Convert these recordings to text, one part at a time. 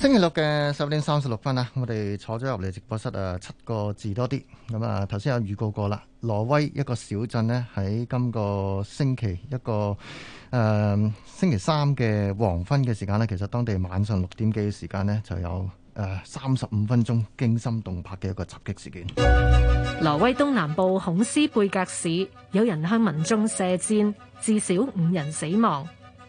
星期六嘅十點三十六分我哋坐咗入嚟直播室啊，七個字多啲。咁啊，頭先有預告過啦，挪威一個小鎮咧，喺今個星期一個誒、呃、星期三嘅黃昏嘅時間咧，其實當地晚上六點幾嘅時間咧，就有誒三十五分鐘驚心動魄嘅一個襲擊事件。挪威東南部孔斯貝格市有人向民眾射箭，至少五人死亡。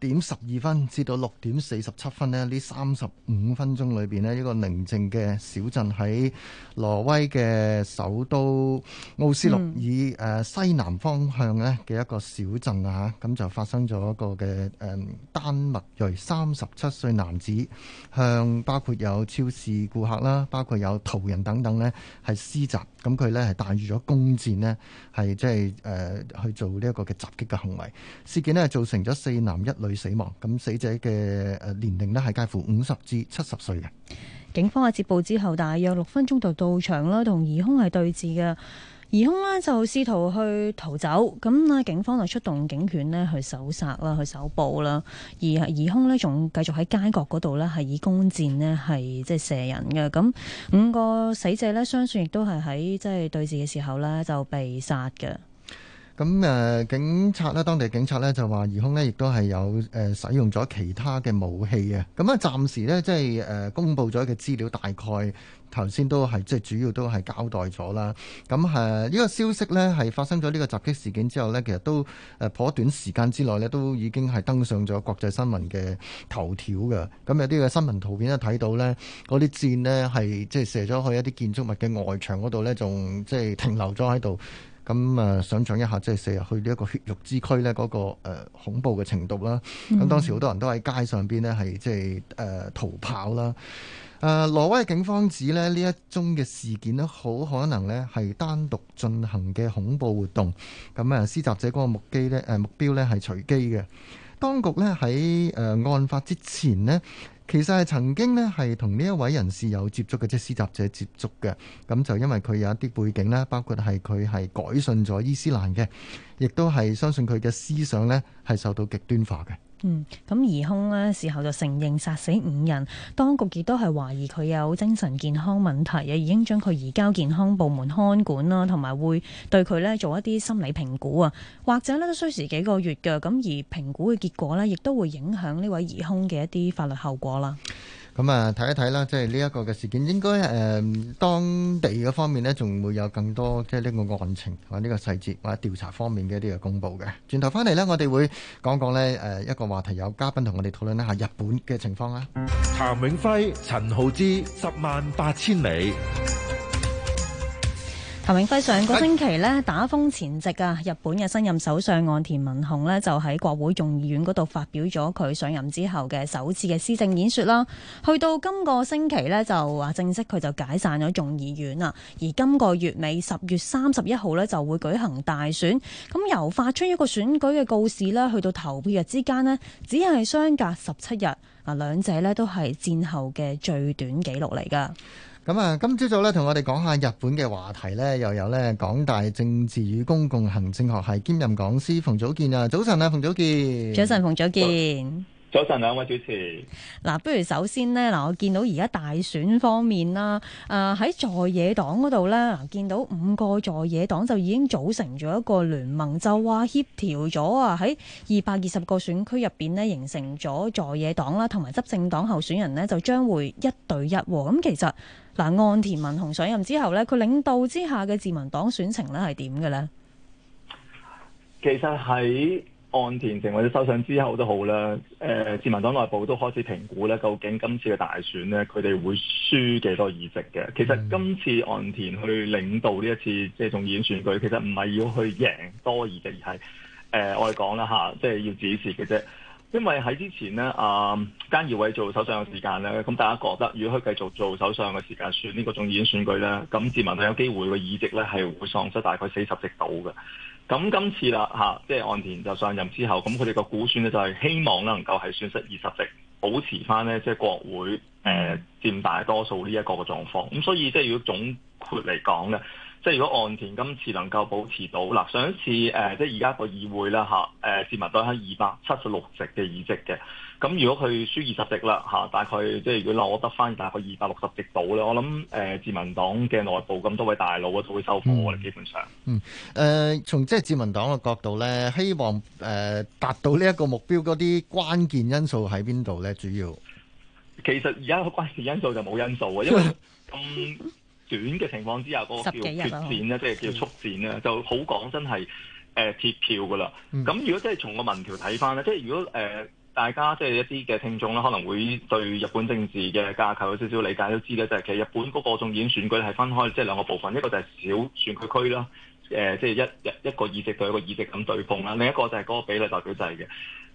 點十二分至到六點四十七分呢，呢三十五分鐘裏面呢，一個寧靜嘅小鎮喺挪威嘅首都奧斯陸以誒西南方向呢嘅一個小鎮啊，咁、嗯、就發生咗一個嘅誒丹麥裔三十七歲男子向包括有超市顧客啦，包括有途人等等呢，係施襲。咁佢呢係帶住咗弓箭呢係即係誒去做呢一個嘅襲擊嘅行為。事件呢造成咗四男一女死亡，咁死者嘅誒年齡呢係介乎五十至七十歲嘅。警方喺接報之後，大約六分鐘就到場啦，同疑凶係對峙嘅。疑兇呢就試圖去逃走，咁啊警方就出動警犬呢去搜殺啦，去搜捕啦。而疑兇呢仲繼續喺街角嗰度呢係以弓箭呢係即係射人嘅。咁五個死者呢，相信亦都係喺即係對峙嘅時候呢就被殺嘅。咁警察呢，當地警察呢就話，疑兇呢亦都係有使用咗其他嘅武器嘅。咁啊，暫時呢，即係公佈咗嘅資料，大概頭先都係即係主要都係交代咗啦。咁、係、呢個消息呢，係發生咗呢個襲擊事件之後呢，其實都誒頗短時間之內呢，都已經係登上咗國際新聞嘅頭條嘅。咁有啲嘅新聞圖片都睇到呢嗰啲箭呢，係即係射咗去一啲建築物嘅外牆嗰度呢，仲即係停留咗喺度。咁啊，想象一下，即係四日去呢一個血肉之軀咧、那個，嗰、呃、個恐怖嘅程度啦。咁、嗯、當時好多人都喺街上邊咧，係即係誒逃跑啦。誒、呃，挪威警方指咧呢一宗嘅事件呢，好可能咧係單獨進行嘅恐怖活動。咁啊，施襲者嗰個目標咧，目標咧係隨機嘅。當局咧喺、呃、案發之前呢，其實係曾經呢，係同呢一位人士有接觸嘅，即係施襲者接觸嘅。咁就因為佢有一啲背景啦，包括係佢係改信咗伊斯蘭嘅，亦都係相信佢嘅思想呢係受到極端化嘅。嗯，咁疑兇呢事後就承認殺死五人，當局亦都係懷疑佢有精神健康問題，又已經將佢移交健康部門看管啦，同埋會對佢呢做一啲心理評估啊，或者呢都需時幾個月嘅，咁而評估嘅結果呢，亦都會影響呢位疑兇嘅一啲法律後果啦。咁啊，睇一睇啦，即係呢一個嘅事件，應該誒、呃、當地嘅方面咧，仲會有更多即係呢個案情或者呢個細節或者調查方面嘅一啲嘅公布嘅。轉頭翻嚟咧，我哋會講一講咧誒一個話題有，有嘉賓同我哋討論一下日本嘅情況啦。譚永輝、陳浩之，十萬八千里。譚永輝上個星期呢，打風前夕啊，日本嘅新任首相岸田文雄呢就喺國會眾議院嗰度發表咗佢上任之後嘅首次嘅施政演說啦。去到今個星期呢就正式佢就解散咗眾議院啦。而今個月尾十月三十一號呢就會舉行大選。咁由發出一個選舉嘅告示呢，去到投票日之間呢只係相隔十七日啊，兩者呢都係戰後嘅最短紀錄嚟噶。咁啊，今朝早咧，同我哋講下日本嘅話題呢，又有呢，港大政治與公共行政學系兼任講師馮祖建啊，早晨啊，馮祖建，早晨馮祖建，早晨兩位主持。嗱，不如首先呢，嗱，我見到而家大選方面啦，誒、呃、喺在、在野黨嗰度呢，嗱，見到五個在野黨就已經組成咗一個聯盟，就話協調咗啊，喺二百二十個選區入邊呢，形成咗在野黨啦，同埋執政黨候選人呢，就將會一對一，咁、嗯、其實。嗱，岸田文雄上任之後咧，佢領導之下嘅自民黨選情咧係點嘅咧？其實喺岸田成為首相之後都好啦，誒、呃，自民黨內部都開始評估咧，究竟今次嘅大選咧，佢哋會輸幾多議席嘅？其實今次岸田去領導呢一次即係眾院選舉，其實唔係要去贏多議席，而係誒、呃、我哋講啦嚇，即係要指示嘅啫。因為喺之前咧，啊、呃，菅義偉做首相嘅時間咧，咁大家覺得如果佢繼續做首相嘅時間選呢、這個眾議院選舉咧，咁自民黨都有機會嘅議席咧係會喪失大概四十席度嘅。咁今次啦嚇、啊，即係岸田就上任之後，咁佢哋個估算咧就係、是、希望咧能夠係損失二十席，保持翻咧即係國會誒、呃、佔大多數呢一個嘅狀況。咁所以即係如果總括嚟講咧。即係如果岸田今次能夠保持到嗱上一次誒，即係而家個議會啦嚇誒，自民黨係二百七十六席嘅議席嘅，咁如果佢輸二十席啦嚇，大概即係如果攞得翻大概二百六十席到咧，我諗誒自民黨嘅內部咁多位大佬啊就會收貨我哋基本上。嗯誒、嗯呃，從即係自民黨嘅角度咧，希望誒、呃、達到呢一個目標，嗰啲關鍵因素喺邊度咧？主要其實而家個關鍵因素就冇因素啊，因為咁。 嗯短嘅情況之下，嗰、那個叫決戰咧，即係叫速戰咧、嗯，就好講真係誒、呃、鐵票噶啦。咁、嗯、如果即係從個民調睇返咧，即係如果誒、呃、大家即係一啲嘅聽眾咧，可能會對日本政治嘅架構有少少理解都知嘅，就係、是、其實日本嗰個眾院選舉係分開即係、就是、兩個部分，一個就係小選舉區區啦，誒即係一一,一個議席對一個議席咁對碰啦、嗯，另一個就係嗰個比例代表制嘅。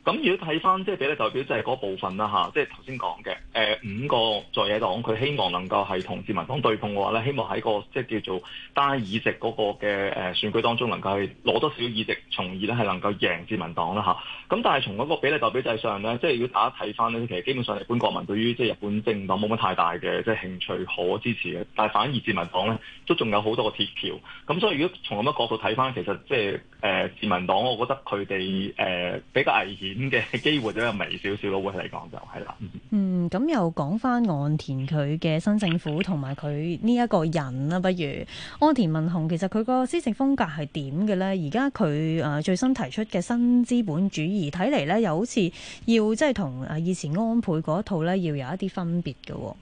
咁如果睇翻即係比例代表制嗰、就是、部分啦吓，即係頭先講嘅，誒、呃、五個在野黨佢希望能夠係同自民黨對碰嘅話咧，希望喺個即係、就是、叫做單議席嗰個嘅誒選舉當中能夠係攞多少議席，從而咧係能夠贏自民黨啦吓，咁、啊、但係從嗰個比例代表制上咧，即係如果大家睇翻咧，其實基本上日本國民對於即係日本政黨冇乜太大嘅即係興趣可支持嘅，但係反而自民黨咧都仲有好多個鐵橋。咁所以如果從咁嘅角度睇翻，其實即係誒自民黨，我覺得佢哋誒比較危險。點嘅機會都有微少少咯，會嚟講就係啦。嗯，咁又講翻岸田佢嘅新政府同埋佢呢一個人啦。不如岸田文雄，其實佢個施政風格係點嘅咧？而家佢最新提出嘅新資本主義，睇嚟咧又好似要即係同誒以前安倍嗰套咧，要有一啲分別嘅。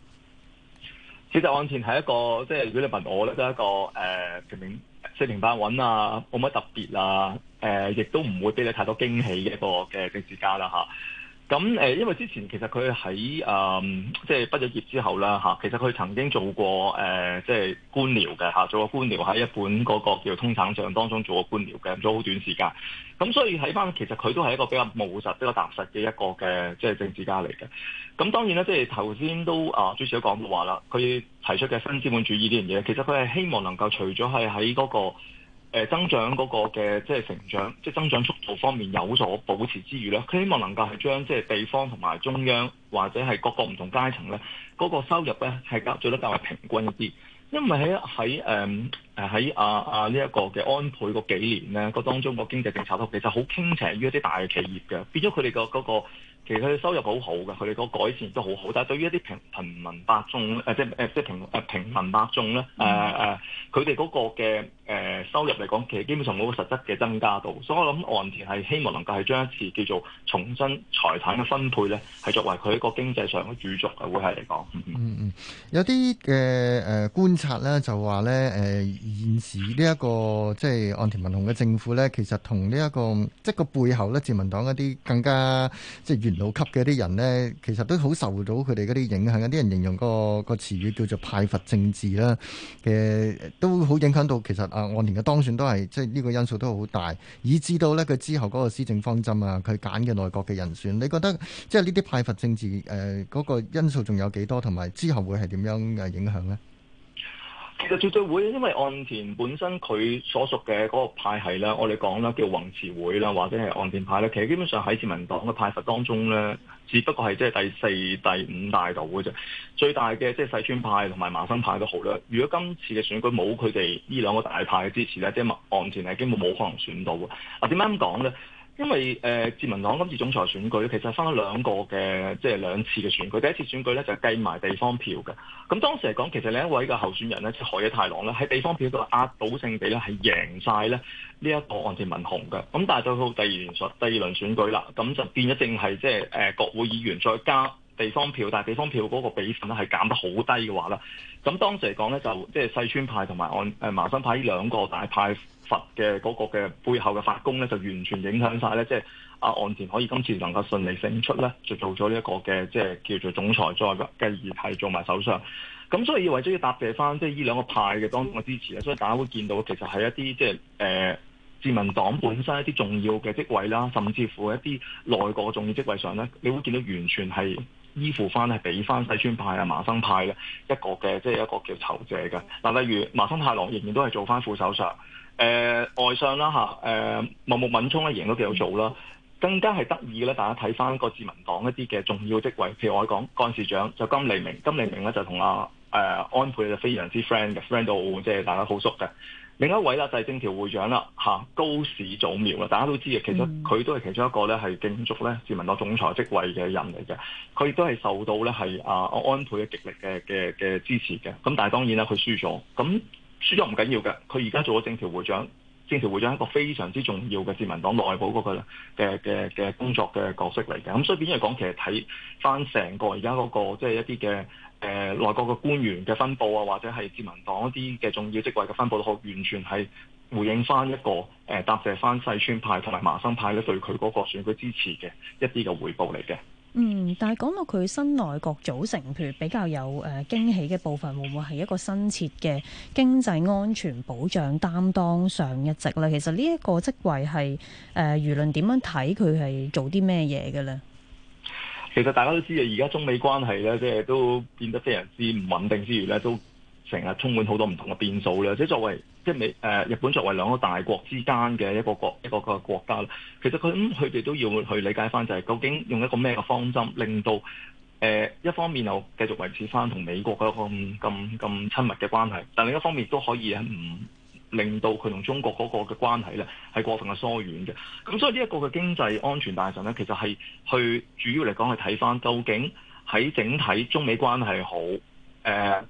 其實岸田係一個，即係如果你問我咧，都係一個誒，呃全四平八穩啊，冇乜特別啊，誒、呃，亦都唔會俾你太多驚喜嘅一個嘅政治家啦、啊、嚇。咁誒，因為之前其實佢喺誒，即、嗯、係、就是、畢咗業，業之後啦、啊、其實佢曾經做過誒，即、呃、係、就是、官僚嘅、啊、做過官僚喺日本嗰個叫做通產省當中做過官僚嘅、嗯，做咗好短時間。咁所以睇翻，其實佢都係一個比較務實、比較踏實嘅一個嘅即係政治家嚟嘅。咁當然啦，即係頭先都啊朱小姐講過話啦，佢提出嘅新資本主義呢樣嘢，其實佢係希望能夠除咗係喺嗰個。誒增長嗰個嘅即係成長即係、就是、增長速度方面有所保持之餘咧，佢希望能夠係將即係地方同埋中央或者係各個唔同階層咧嗰個收入咧係較做得較為平均一啲，因為喺喺誒誒喺阿阿呢一個嘅安倍嗰幾年咧個當中個經濟政策都其實好傾斜於一啲大嘅企業嘅，變咗佢哋個嗰個。其實佢嘅收入好好嘅，佢哋個改善都好好，但係對於一啲平平民百姓誒，即係誒即係平誒平民百姓咧誒誒，佢哋嗰個嘅誒收入嚟講，其實基本上冇實質嘅增加到。所以我諗岸田係希望能夠係將一次叫做重新財產嘅分配咧，係作為佢一個經濟上嘅主軸嘅會係嚟講。嗯嗯，有啲嘅誒觀察咧，就話咧誒現時呢一個即係岸田文雄嘅政府咧，其實同呢一個即係個背後咧，自民黨一啲更加即係老級嘅啲人呢，其實都好受到佢哋嗰啲影響。有啲人形容個個詞語叫做派閥政治啦，嘅都好影響到。其實啊，岸田嘅當選都係即係呢個因素都好大，以至到呢，佢之後嗰個施政方針啊，佢揀嘅內閣嘅人選，你覺得即係呢啲派閥政治誒嗰個因素仲有幾多，同埋之後會係點樣嘅影響呢？其實絕對會，因為岸田本身佢所屬嘅嗰個派系咧，我哋講啦，叫宏池會啦，或者係岸田派咧。其實基本上喺自民黨嘅派閥當中咧，只不過係即係第四、第五大黨嘅啫。最大嘅即係細川派同埋麻生派都好咧。如果今次嘅選舉冇佢哋呢兩個大派嘅支持咧，即係岸田係基本冇可能選到嘅。啊，點解咁講咧？因為誒、呃、自民黨今次總裁選舉，其實係分咗兩個嘅，即係兩次嘅選舉。第一次選舉咧就係計埋地方票嘅。咁當時嚟講，其實另一位嘅候選人咧，即係河野太郎咧，喺地方票度壓倒性地咧係贏晒咧呢一、這個岸田文雄嘅。咁但係到到第二輪選第二輪選舉啦，咁就變咗淨係即係誒國會議員再加地方票，但係地方票嗰個比分咧係減得好低嘅話啦。咁當時嚟講咧就即係四川派同埋岸誒麻生派呢兩個大派。嘅嗰個嘅背後嘅發功咧，就完全影響晒咧。即係阿岸田可以今次能夠順利勝出咧，就做咗呢一個嘅即係叫做總裁作為，再繼而係做埋首相。咁所以為咗要答謝翻即係呢兩個派嘅當中嘅支持咧，所以大家會見到其實係一啲即係、呃、自民黨本身一啲重要嘅職位啦，甚至乎一啲內閣重要職位上咧，你會見到完全係依附翻係俾翻西川派啊、麻生派嘅一個嘅即係一個叫酬謝嘅嗱。例如麻生太郎仍然都係做翻副首相。誒、呃、外相啦嚇，誒毛木敏充咧贏都幾好做啦，mm -hmm. 更加係得意咧！大家睇翻個自民黨一啲嘅重要職位，譬如我講幹事長就金利明，金利明咧就同阿誒安倍就非常之 friend 嘅、mm -hmm.，friend 到即係大家好熟嘅。另一位啦就係、是、政調會長啦、啊、高市早苗啦，大家都知嘅，其實佢都係其中一個咧係競逐咧自民黨總裁職位嘅人嚟嘅，佢亦都係受到咧係阿安倍嘅極力嘅嘅嘅支持嘅。咁但係當然啦，佢輸咗咁。輸咗唔緊要嘅，佢而家做咗政調會長，政調會長係一個非常之重要嘅自民黨內部嗰個嘅嘅嘅工作嘅角色嚟嘅。咁所以，變係講，其實睇翻成個而家嗰個即係、就是、一啲嘅誒內閣嘅官員嘅分佈啊，或者係自民黨一啲嘅重要職位嘅分佈，都好完全係回應翻一個誒、呃、答謝翻西村派同埋麻生派咧對佢嗰個選舉支持嘅一啲嘅回報嚟嘅。嗯，但係講到佢新內閣組成，譬如比較有誒驚喜嘅部分，會唔會係一個新設嘅經濟安全保障擔當上一職咧？其實呢一個職位係誒輿論點樣睇佢係做啲咩嘢嘅呢？其實大家都知啊，而家中美關係咧，即係都變得非常之唔穩定之餘咧，都。成日充滿好多唔同嘅變數啦，即係作為即係美誒、呃、日本作為兩個大國之間嘅一個國一個一個國家啦，其實佢咁佢哋都要去理解翻，就係究竟用一個咩嘅方針，令到誒、呃、一方面又繼續維持翻同美國嗰個咁咁咁親密嘅關係，但另一方面都可以喺唔令到佢同中國嗰個嘅關係咧係過分嘅疏遠嘅。咁所以呢一個嘅經濟安全大臣咧，其實係去主要嚟講係睇翻究竟喺整體中美關係好誒。呃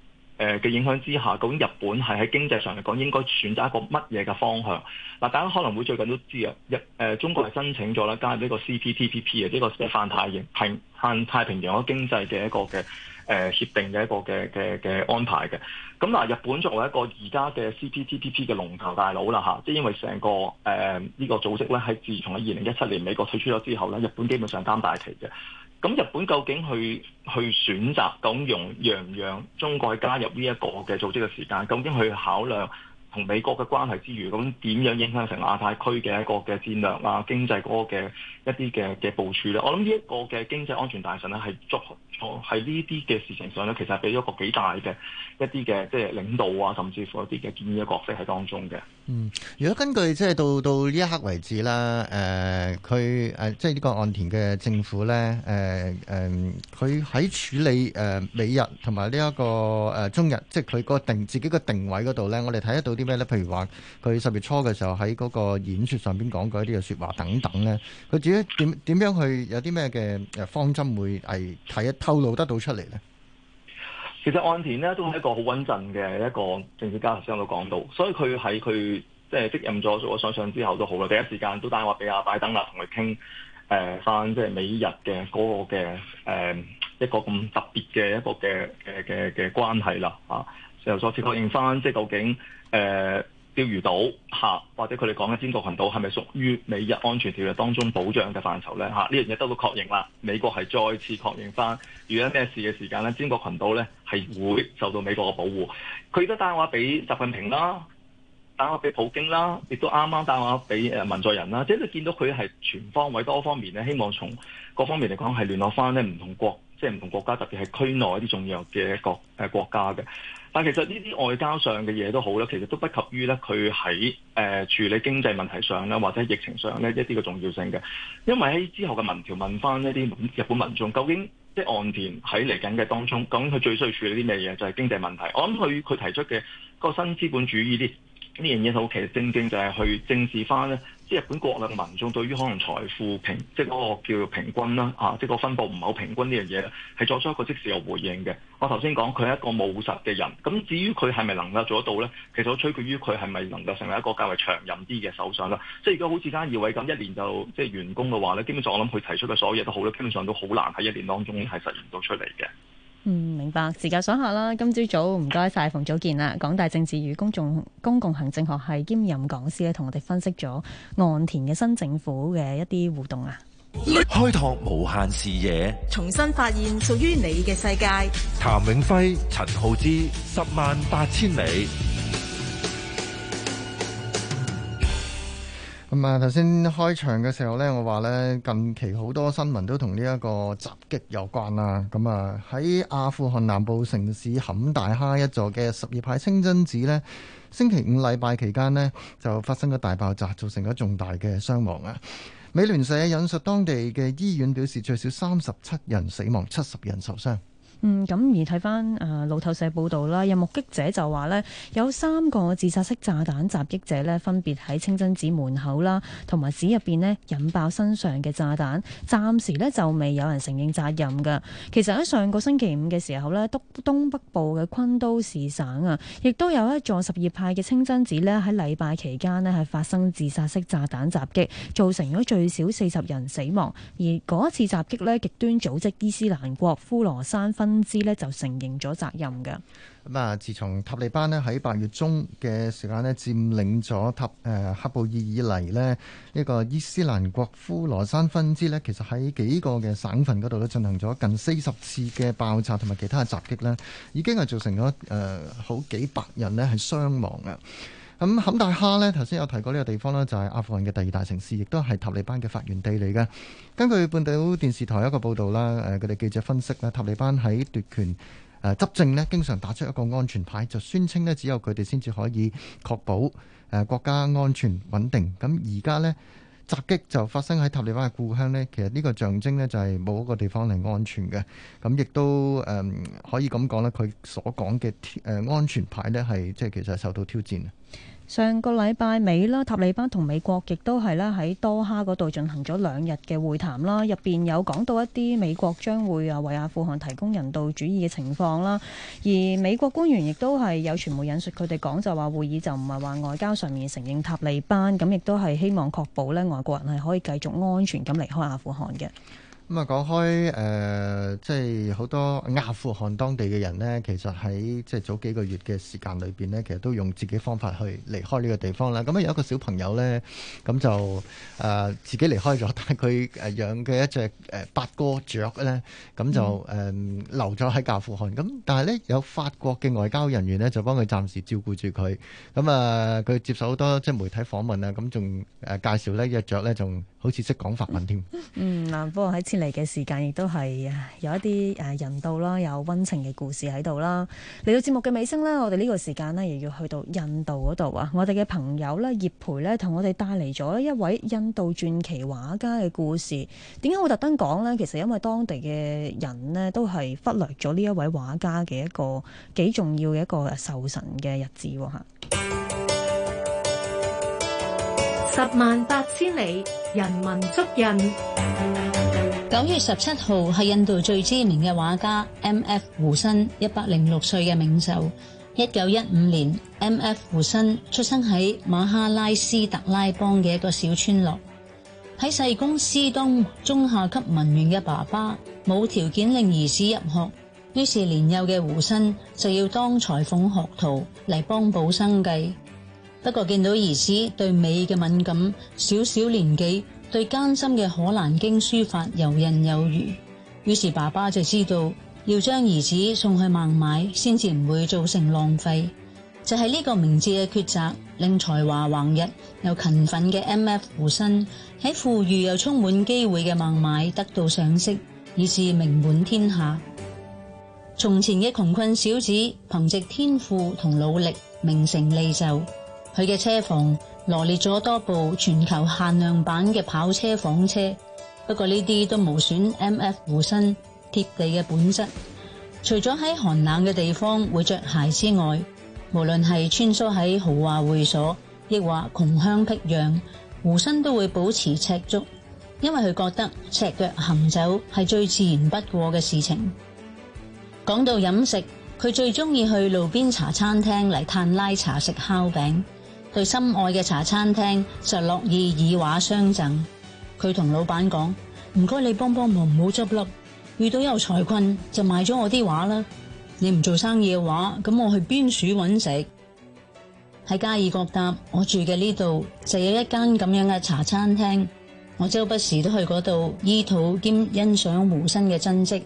誒嘅影響之下，究竟日本係喺經濟上嚟講應該選擇一個乜嘢嘅方向？嗱，大家可能會最近都知啊，日誒中國係申請咗啦加入呢個 CPTPP 嘅呢個泛太平泛太平洋嘅經濟嘅一個嘅誒協定嘅一個嘅嘅嘅安排嘅。咁嗱，日本作為一個而家嘅 CPTPP 嘅龍頭大佬啦嚇，即、啊、係因為成個誒呢、呃呢個組織咧，係自從喺二零一七年美國退出咗之後咧，日本基本上擔大旗嘅。咁日本究竟去去選擇咁容讓唔讓中國加入呢一個嘅組織嘅時間？究竟去考量同美國嘅關係之餘，咁點樣影響成亞太區嘅一個嘅戰略啊、經濟嗰個嘅一啲嘅嘅部署咧？我諗呢一個嘅經濟安全大臣咧，係足。喺呢啲嘅事情上咧，其實俾咗個幾大嘅一啲嘅即係領導啊，甚至乎一啲嘅建議嘅角色喺當中嘅。嗯，如果根據即係到到呢一刻為止啦，誒、呃，佢誒即係呢個岸田嘅政府咧，誒、呃、誒，佢、呃、喺處理誒、呃、美日同埋呢一個誒、呃、中日，即係佢個定自己嘅定位嗰度咧，我哋睇得到啲咩咧？譬如話佢十月初嘅時候喺嗰個演說上邊講過一啲嘅説話等等咧，佢自己點點樣，樣去有啲咩嘅誒方針會係睇一睇？透露得到出嚟咧，其實岸田咧都係一個好穩陣嘅一個政治家，頭先我都講到，所以佢喺佢即係接任咗所所想之後都好啦，第一時間都打電話俾阿拜登啦，同佢傾誒翻即係美日嘅嗰個嘅誒、呃、一個咁特別嘅一個嘅嘅嘅嘅關係啦啊，就再次確認翻即係究竟誒。呃釣魚島吓，或者佢哋講嘅尖閣群島係咪屬於美日安全條約當中保障嘅範疇咧吓？呢樣嘢得到確認啦，美國係再次確認翻，如果咩事嘅時間咧，尖閣群島咧係會受到美國嘅保護。佢都打話俾習近平啦，打話俾普京啦，亦都啱啱打話俾誒文在寅啦，即係你見到佢係全方位多方面咧，希望從各方面嚟講係聯絡翻咧唔同國，即係唔同國家，特別係區內一啲重要嘅國誒、呃、國家嘅。但其實呢啲外交上嘅嘢都好啦，其實都不及於咧佢喺誒處理經濟問題上啦，或者疫情上咧一啲嘅重要性嘅。因為喺之後嘅民調問翻一啲日本民眾，究竟即岸田喺嚟緊嘅當中究竟佢最需要處理啲咩嘢，就係、是、經濟問題。我諗佢佢提出嘅個新資本主義啲呢樣嘢，好其實正正就係去正視翻咧。日本國內嘅民眾對於可能財富平，即係嗰個叫平均啦，啊，即係個分布唔係好平均呢樣嘢，係作出一個即時有回應嘅。我頭先講佢係一個務實嘅人，咁至於佢係咪能夠做得到咧？其實我取決於佢係咪能夠成為一個較為長任啲嘅首相啦。即係而家好似間二位咁一年就即係完工嘅話咧，基本上我諗佢提出嘅所有嘢都好咧，基本上都好難喺一年當中係實現到出嚟嘅。嗯，明白。時間想下啦。今朝早唔該晒馮祖建啦，港大政治與公眾公共行政學系兼任講師咧，同我哋分析咗岸田嘅新政府嘅一啲互動啊。開拓無限視野，重新發現屬於你嘅世界。譚永輝、陳浩之，十萬八千里。咁啊，頭先開場嘅時候呢，我話呢，近期好多新聞都同呢一個襲擊有關啦。咁啊，喺阿富汗南部城市坎大哈一座嘅什葉派清真寺呢，星期五禮拜期間呢，就發生咗大爆炸，造成咗重大嘅傷亡啊。美聯社引述當地嘅醫院表示，最少三十七人死亡，七十人受傷。嗯，咁而睇翻啊路透社報道啦，有目擊者就話呢，有三個自殺式炸彈襲擊者呢，分別喺清真寺門口啦，同埋寺入邊呢引爆身上嘅炸彈。暫時呢就未有人承認責任噶。其實喺上個星期五嘅時候呢，東東北部嘅昆都市省啊，亦都有一座什葉派嘅清真寺呢，喺禮拜期間呢，係發生自殺式炸彈襲擊，造成咗最少四十人死亡。而嗰次襲擊呢，極端組織伊斯蘭國呼羅山，分支咧，就承認咗責任噶。咁啊，自從塔利班呢喺八月中嘅時間呢佔領咗塔誒喀布爾以嚟呢，呢、呢個伊斯蘭國呼羅山分支呢，其實喺幾個嘅省份嗰度都進行咗近四十次嘅爆炸同埋其他嘅襲擊咧，已經係造成咗誒好幾百人呢係傷亡啊。咁坎大哈呢，頭先有提過呢個地方啦，就係阿富汗嘅第二大城市，亦都係塔利班嘅發源地嚟嘅。根據《半島電視台》一個報導啦，佢哋記者分析咧，塔利班喺奪權執政呢，經常打出一個安全牌，就宣稱呢，只有佢哋先至可以確保國家安全穩定。咁而家呢。襲擊就發生喺塔利班嘅故鄉呢。其實呢個象徵呢，就係冇一個地方係安全嘅，咁亦都誒可以咁講啦。佢所講嘅誒安全牌呢，係即係其實受到挑戰。上個禮拜尾啦，塔利班同美國亦都係咧喺多哈嗰度進行咗兩日嘅會談啦，入面有講到一啲美國將會啊為阿富汗提供人道主義嘅情況啦，而美國官員亦都係有傳媒引述佢哋講就話會議就唔係話外交上面承認塔利班，咁亦都係希望確保呢外國人係可以繼續安全咁離開阿富汗嘅。咁啊，講開誒，即係好多阿富汗當地嘅人呢，其實喺即係早幾個月嘅時間裏邊呢，其實都用自己方法去離開呢個地方啦。咁啊，有一個小朋友咧，咁就誒、呃、自己離開咗，但係佢誒養嘅一隻誒八哥雀咧，咁就誒、呃、留咗喺阿富汗。咁但係咧，有法國嘅外交人員呢，就幫佢暫時照顧住佢。咁啊，佢、呃、接受好多即係媒體訪問啊，咁仲誒介紹呢隻雀咧仲好似識講法文添。嗯，嗱，不過喺前。 嚟嘅時間亦都係有一啲誒人道啦，有溫情嘅故事喺度啦。嚟到節目嘅尾聲呢，我哋呢個時間呢，亦要去到印度嗰度啊！我哋嘅朋友呢，葉培呢，同我哋帶嚟咗一位印度傳奇畫家嘅故事。點解會特登講呢？其實因為當地嘅人呢，都係忽略咗呢一位畫家嘅一個幾重要嘅一個受神嘅日子吓。十萬八千里，人文足印。九月十七號係印度最知名嘅畫家 M.F. 胡申一百零六歲嘅冥壽。一九一五年，M.F. 胡申出生喺馬哈拉斯特拉邦嘅一個小村落。喺細公司當中下級文員嘅爸爸冇條件令兒子入學，於是年幼嘅胡申就要當裁縫學徒嚟幫補生計。不過見到兒子對美嘅敏感，小小年紀。對艱深嘅可蘭經書法游刃有餘，於是爸爸就知道要將兒子送去孟買，先至唔會造成浪費。就係呢個明智嘅抉擇，令才華橫溢又勤奮嘅 M.F. Husain 喺富裕又充滿機會嘅孟買，得到賞識，以至名滿天下。從前嘅窮困小子，憑借天賦同努力，名成利就，佢嘅車房。羅列咗多部全球限量版嘅跑車房車，不過呢啲都無損 M.F. 護身貼地嘅本質。除咗喺寒冷嘅地方會着鞋之外，無論係穿梭喺豪華會所，亦或窮鄉僻壤，護身都會保持赤足，因為佢覺得赤腳行走係最自然不過嘅事情。講到飲食，佢最中意去路邊茶餐廳嚟嘆拉茶食烤餅。對心愛嘅茶餐廳就樂意以畫相贈。佢同老闆講：唔該你幫幫忙，唔好執笠。遇到有財困就賣咗我啲畫啦。你唔做生意嘅話，咁我去邊處搵食？喺加爾各答，我住嘅呢度就有一間咁樣嘅茶餐廳。我周不時都去嗰度，醫肚兼欣賞湖身嘅真跡。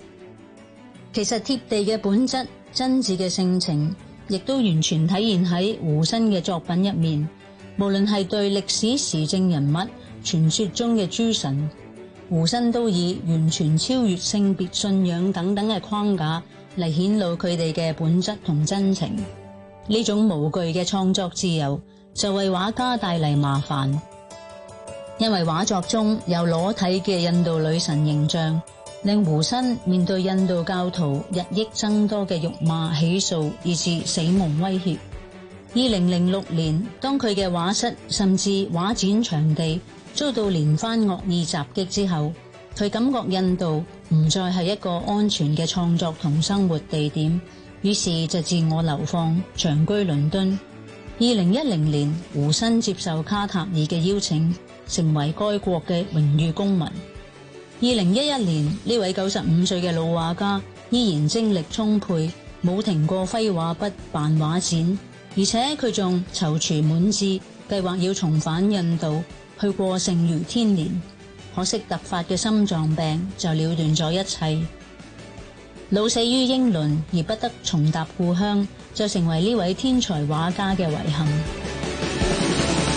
其實貼地嘅本質，真摯嘅性情。亦都完全體現喺胡申嘅作品入面，無論係對歷史時政人物、傳說中嘅諸神，胡申都以完全超越性別、信仰等等嘅框架嚟顯露佢哋嘅本質同真情。呢種無懼嘅創作自由，就為畫家帶嚟麻煩，因為畫作中有裸體嘅印度女神形象。令胡身面對印度教徒日益增多嘅辱罵、起訴，以至死亡威脅。二零零六年，當佢嘅畫室甚至畫展場地遭到連番惡意襲擊之後，佢感覺印度唔再係一個安全嘅創作同生活地點，於是就自我流放，長居倫敦。二零一零年，胡身接受卡塔爾嘅邀請，成為該國嘅榮譽公民。二零一一年，呢位九十五歲嘅老畫家依然精力充沛，冇停過揮畫筆辦畫展，而且佢仲躊躇滿志，計劃要重返印度去過剩餘天年。可惜突發嘅心臟病就了斷咗一切，老死於英倫而不得重踏故鄉，就成為呢位天才畫家嘅遺憾。